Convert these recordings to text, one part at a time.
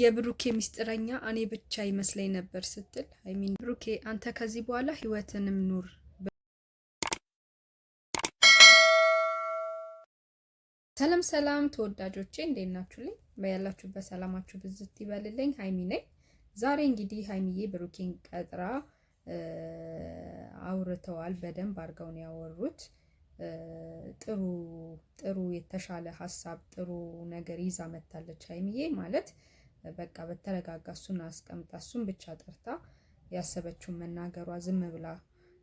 የብሩኬ ሚስጥረኛ እኔ ብቻ ይመስለኝ ነበር ስትል ሀይሚን ብሩኬ አንተ ከዚህ በኋላ ህይወትንም ኑር ሰላም ሰላም ተወዳጆቼ እንዴት ናችሁልኝ? በያላችሁበት ሰላማችሁ ብዝት ይበልልኝ። ሀይሚ ነኝ። ዛሬ እንግዲህ ሀይሚዬ ብሩኬን ቀጥራ አውርተዋል። በደንብ አድርገው ነው ያወሩት። ጥሩ ጥሩ የተሻለ ሀሳብ ጥሩ ነገር ይዛ መታለች ሀይሚዬ ማለት በቃ በተረጋጋ እሱን አስቀምጣ እሱን ብቻ ጠርታ ያሰበችውን መናገሯ ዝም ብላ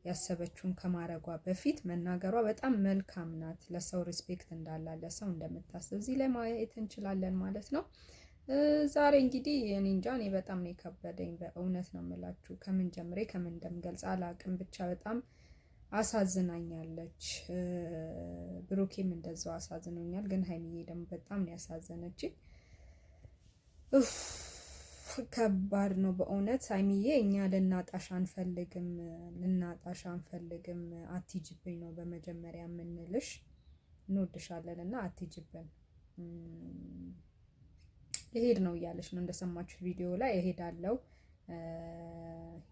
ያሰበችውን ከማረጓ በፊት መናገሯ በጣም መልካም ናት። ለሰው ሪስፔክት እንዳላ ለሰው እንደምታስብ እዚህ ላይ ማየት እንችላለን ማለት ነው። ዛሬ እንግዲህ እኔ እንጃ እኔ በጣም ነው የከበደኝ፣ በእውነት ነው የምላችሁ። ከምን ጀምሬ ከምን እንደምገልጽ አላቅም። ብቻ በጣም አሳዝናኛለች። ብሩኬም እንደዛው አሳዝኖኛል፣ ግን ሀይሚዬ ደግሞ በጣም ነው ያሳዘነችኝ። ከባድ ነው በእውነት ሀይሚዬ፣ እኛ ልናጣሽ አንፈልግም፣ ልናጣሽ አንፈልግም። አትሂጂብኝ ነው በመጀመሪያ የምንልሽ። እንወድሻለን እና አትሂጂብን። ይሄድ ነው እያለች ነው እንደሰማችሁ ቪዲዮ ላይ እሄዳለሁ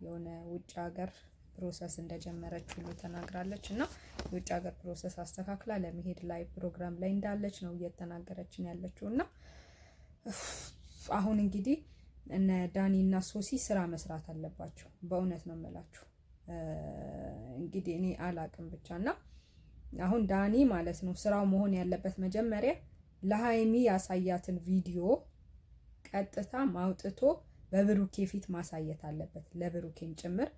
የሆነ ውጭ ሀገር ፕሮሰስ እንደጀመረች ሁሉ ተናግራለች እና የውጭ ሀገር ፕሮሰስ አስተካክላ ለመሄድ ላይ ፕሮግራም ላይ እንዳለች ነው እየተናገረችን ያለችው እና አሁን እንግዲህ እነ ዳኒ እና ሶሲ ስራ መስራት አለባቸው። በእውነት ነው የምላችሁ። እንግዲህ እኔ አላቅም ብቻ እና አሁን ዳኒ ማለት ነው ስራው መሆን ያለበት መጀመሪያ ለሀይሚ ያሳያትን ቪዲዮ ቀጥታ ማውጥቶ በብሩኬ ፊት ማሳየት አለበት። ለብሩኬም ጭምር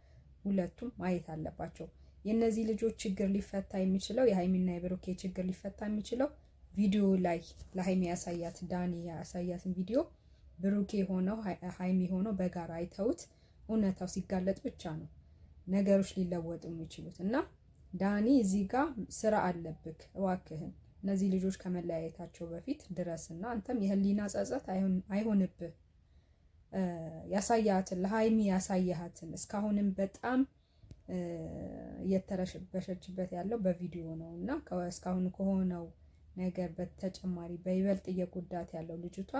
ሁለቱም ማየት አለባቸው። የእነዚህ ልጆች ችግር ሊፈታ የሚችለው የሀይሚና የብሩኬ ችግር ሊፈታ የሚችለው ቪዲዮ ላይ ለሀይሚ ያሳያት ዳኒ ያሳያትን ቪዲዮ ብሩኬ ሆነው ሀይሚ ሆነው በጋራ አይተውት እውነታው ሲጋለጥ ብቻ ነው ነገሮች ሊለወጡ የሚችሉት እና ዳኒ እዚህ ጋር ስራ አለብክ እዋክህን እነዚህ ልጆች ከመለያየታቸው በፊት ድረስና አንተም የህሊና ጸጸት አይሆንብህ ያሳያትን ለሀይሚ ያሳያትን እስካሁንም በጣም እየተረበሸችበት ያለው በቪዲዮ ነው እና እስካሁን ከሆነው ነገር በተጨማሪ በይበልጥ እየጎዳት ያለው ልጅቷ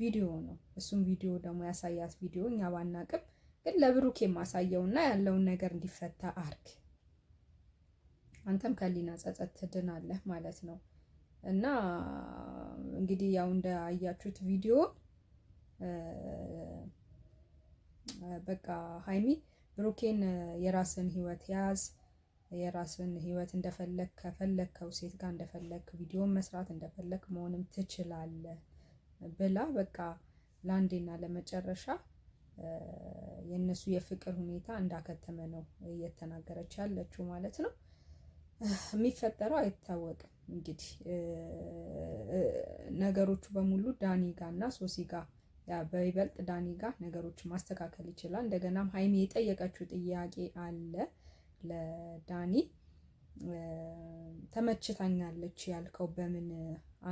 ቪዲዮ ነው። እሱም ቪዲዮ ደግሞ ያሳያት ቪዲዮ እኛ ባናቅም ግን ለብሩክ የማሳየውና ያለውን ነገር እንዲፈታ አርግ። አንተም ከሊና ጸጸት ትድናለህ ማለት ነው። እና እንግዲህ ያው እንዳያችሁት ቪዲዮ በቃ ሀይሚ ብሩኬን የራስን ህይወት ያዝ፣ የራስን ህይወት እንደፈለግ ከፈለግከው ሴት ጋር እንደፈለግ ቪዲዮን መስራት እንደፈለግ መሆንም ትችላለህ። ብላ በቃ ለአንዴና ለመጨረሻ የእነሱ የፍቅር ሁኔታ እንዳከተመ ነው እየተናገረች ያለችው ማለት ነው። የሚፈጠረው አይታወቅም እንግዲህ ነገሮቹ በሙሉ ዳኒ ጋ እና ሶሲ ጋ በይበልጥ ዳኒ ጋ ነገሮችን ማስተካከል ይችላል። እንደገናም ሀይሚ የጠየቀችው ጥያቄ አለ ለዳኒ ተመችታኛለች ያልከው በምን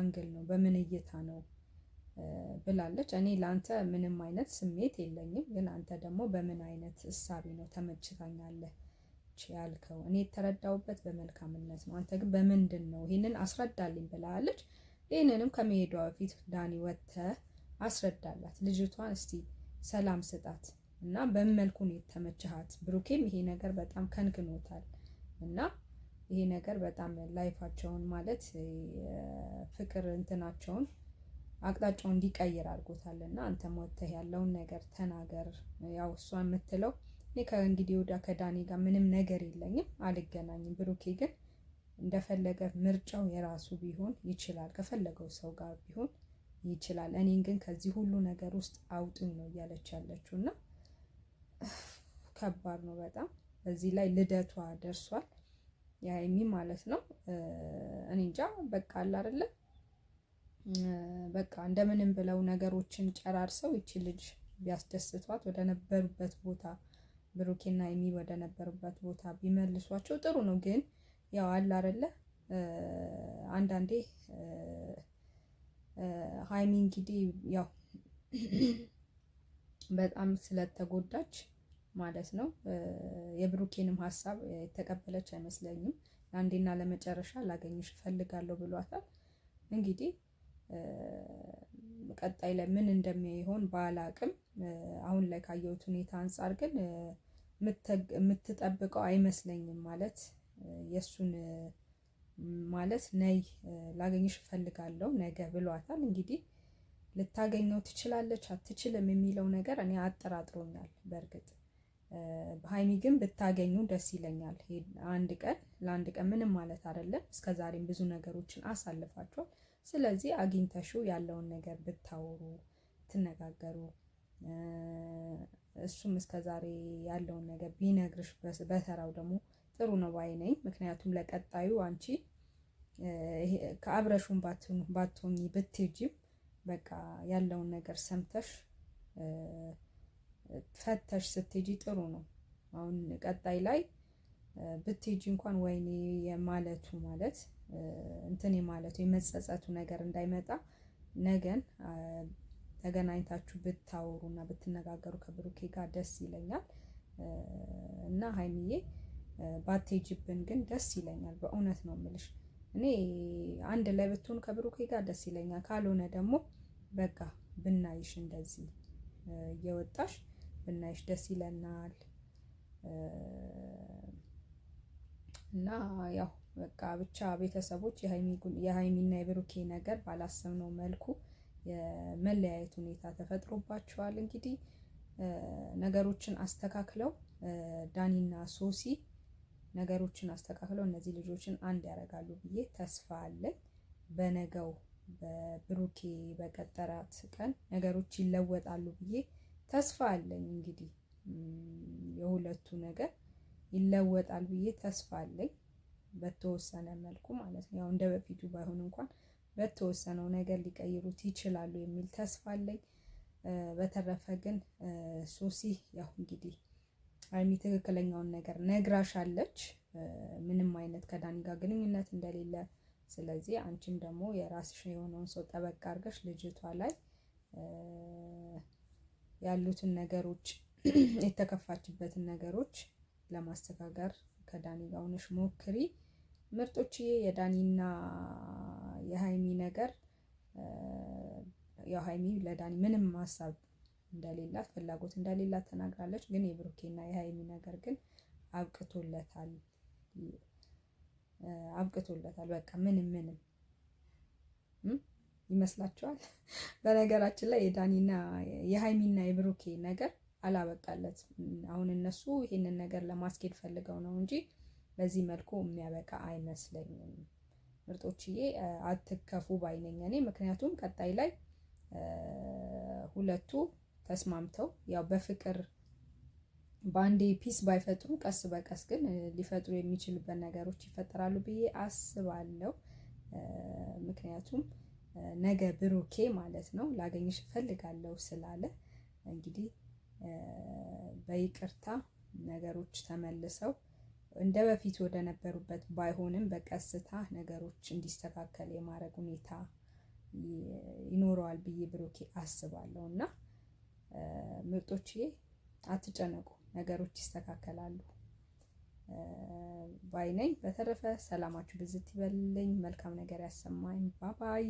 አንግል ነው? በምን እይታ ነው ብላለች። እኔ ለአንተ ምንም አይነት ስሜት የለኝም፣ ግን አንተ ደግሞ በምን አይነት እሳቤ ነው ተመችታኛለህ ያልከው? እኔ የተረዳውበት በመልካምነት ነው፣ አንተ ግን በምንድን ነው ይህንን አስረዳልኝ ብላለች። ይህንንም ከመሄዷ በፊት ዳኒ ወጥተ አስረዳላት ልጅቷን፣ እስቲ ሰላም ስጣት እና በምን መልኩ ነው የተመችሃት? ብሩኬም ይሄ ነገር በጣም ከንክኖታል እና ይሄ ነገር በጣም ላይፋቸውን ማለት ፍቅር እንትናቸውን አቅጣጫው እንዲቀይር አድርጎታል። እና አንተም ወጥተህ ያለውን ነገር ተናገር። ያው እሷ የምትለው እኔ ከእንግዲህ ወዲያ ከዳኒ ጋር ምንም ነገር የለኝም፣ አልገናኝም። ብሩኬ ግን እንደፈለገ ምርጫው የራሱ ቢሆን ይችላል፣ ከፈለገው ሰው ጋር ቢሆን ይችላል። እኔን ግን ከዚህ ሁሉ ነገር ውስጥ አውጡኝ ነው እያለች ያለችው እና ከባድ ነው በጣም። በዚህ ላይ ልደቷ ደርሷል፣ ያ ማለት ነው። እኔ እንጃ በቃ አለ አይደለም በቃ እንደምንም ብለው ነገሮችን ጨራርሰው ይቺ ልጅ ቢያስደስቷት ወደ ነበሩበት ቦታ ብሩኬና የሚ ወደ ነበሩበት ቦታ ቢመልሷቸው ጥሩ ነው። ግን ያው አለ አይደለ አንዳንዴ ሀይሚ እንግዲህ ያው በጣም ስለተጎዳች ማለት ነው የብሩኬንም ሀሳብ የተቀበለች አይመስለኝም። ለአንዴና ለመጨረሻ ላገኝሽ እፈልጋለሁ ብሏታል እንግዲህ ቀጣይ ላይ ምን እንደሚሆን ባላቅም አሁን ላይ ካየሁት ሁኔታ አንጻር ግን የምትጠብቀው አይመስለኝም። ማለት የእሱን ማለት ነይ ላገኝሽ እፈልጋለሁ ነገ ብሏታል። እንግዲህ ልታገኘው ትችላለች አትችልም የሚለው ነገር እኔ አጠራጥሮኛል። በእርግጥ በሀይሚ ግን ብታገኙ ደስ ይለኛል። አንድ ቀን ለአንድ ቀን ምንም ማለት አይደለም። እስከዛሬም ብዙ ነገሮችን አሳልፋቸዋል። ስለዚህ አግኝተሽው ያለውን ነገር ብታወሩ ብትነጋገሩ እሱም እስከ ዛሬ ያለውን ነገር ቢነግርሽ በተራው ደግሞ ጥሩ ነው ባይ ነኝ። ምክንያቱም ለቀጣዩ አንቺ ከአብረሹን ባትሆኚ ብትሄጂም በቃ ያለውን ነገር ሰምተሽ ፈተሽ ስትጂ ጥሩ ነው። አሁን ቀጣይ ላይ ብትጂ እንኳን ወይኔ የማለቱ ማለት እንትን ማለቱ የመጸጸቱ ነገር እንዳይመጣ ነገን ተገናኝታችሁ ብታወሩ እና ብትነጋገሩ ከብሩኬ ጋር ደስ ይለኛል እና ሀይሚዬ ባቴጅብን ግን ደስ ይለኛል። በእውነት ነው የምልሽ እኔ አንድ ላይ ብትሆን ከብሩኬ ጋር ደስ ይለኛል። ካልሆነ ደግሞ በቃ ብናይሽ እንደዚህ እየወጣሽ ብናይሽ ደስ ይለናል እና ያው በቃ ብቻ ቤተሰቦች የሀይሚና የብሩኬ ነገር ባላሰብነው መልኩ የመለያየት ሁኔታ ተፈጥሮባቸዋል። እንግዲህ ነገሮችን አስተካክለው ዳኒና ሶሲ ነገሮችን አስተካክለው እነዚህ ልጆችን አንድ ያደርጋሉ ብዬ ተስፋ አለኝ። በነገው በብሩኬ በቀጠራት ቀን ነገሮች ይለወጣሉ ብዬ ተስፋ አለኝ። እንግዲህ የሁለቱ ነገር ይለወጣል ብዬ ተስፋ አለኝ። በተወሰነ መልኩ ማለት ነው። ያው እንደ በፊቱ ባይሆን እንኳን በተወሰነው ነገር ሊቀይሩት ይችላሉ የሚል ተስፋ አለኝ። በተረፈ ግን ሶሲ ያው እንግዲህ አይሚ ትክክለኛውን ነገር ነግራሻለች፣ ምንም አይነት ከዳኒ ጋር ግንኙነት እንደሌለ። ስለዚህ አንቺም ደግሞ የራስሽ የሆነውን ሰው ጠበቅ አድርገሽ ልጅቷ ላይ ያሉትን ነገሮች የተከፋችበትን ነገሮች ለማስተካከል ከዳኒ ጋር ሆነሽ ሞክሪ። ምርጦችዬ የዳኒና የሀይሚ ነገር ያው ሀይሚ ለዳኒ ምንም ሀሳብ እንደሌላት ፍላጎት እንደሌላት ተናግራለች። ግን የብሩኬና የሀይሚ ነገር ግን አብቅቶለታል አብቅቶለታል። በቃ ምንም ምንም ይመስላችኋል። በነገራችን ላይ የዳኒና የሀይሚና የብሩኬ ነገር አላበቃለት አሁን እነሱ ይህንን ነገር ለማስኬድ ፈልገው ነው እንጂ በዚህ መልኩ የሚያበቃ አይመስለኝም። ምርጦችዬ አትከፉ ባይነኝ እኔ ምክንያቱም ቀጣይ ላይ ሁለቱ ተስማምተው ያው በፍቅር በአንዴ ፒስ ባይፈጥሩ ቀስ በቀስ ግን ሊፈጥሩ የሚችሉበት ነገሮች ይፈጠራሉ ብዬ አስባለሁ። ምክንያቱም ነገ ብሩኬ ማለት ነው ላገኝሽ እፈልጋለሁ ስላለ እንግዲህ በይቅርታ ነገሮች ተመልሰው እንደ በፊት ወደ ነበሩበት ባይሆንም በቀስታ ነገሮች እንዲስተካከል የማድረግ ሁኔታ ይኖረዋል ብዬ ብሩኬ አስባለሁ። እና ምርጦችዬ አትጨነቁ፣ ነገሮች ይስተካከላሉ ባይ ነኝ። በተረፈ ሰላማችሁ ብዝት ይበልልኝ። መልካም ነገር ያሰማኝ። ባባይ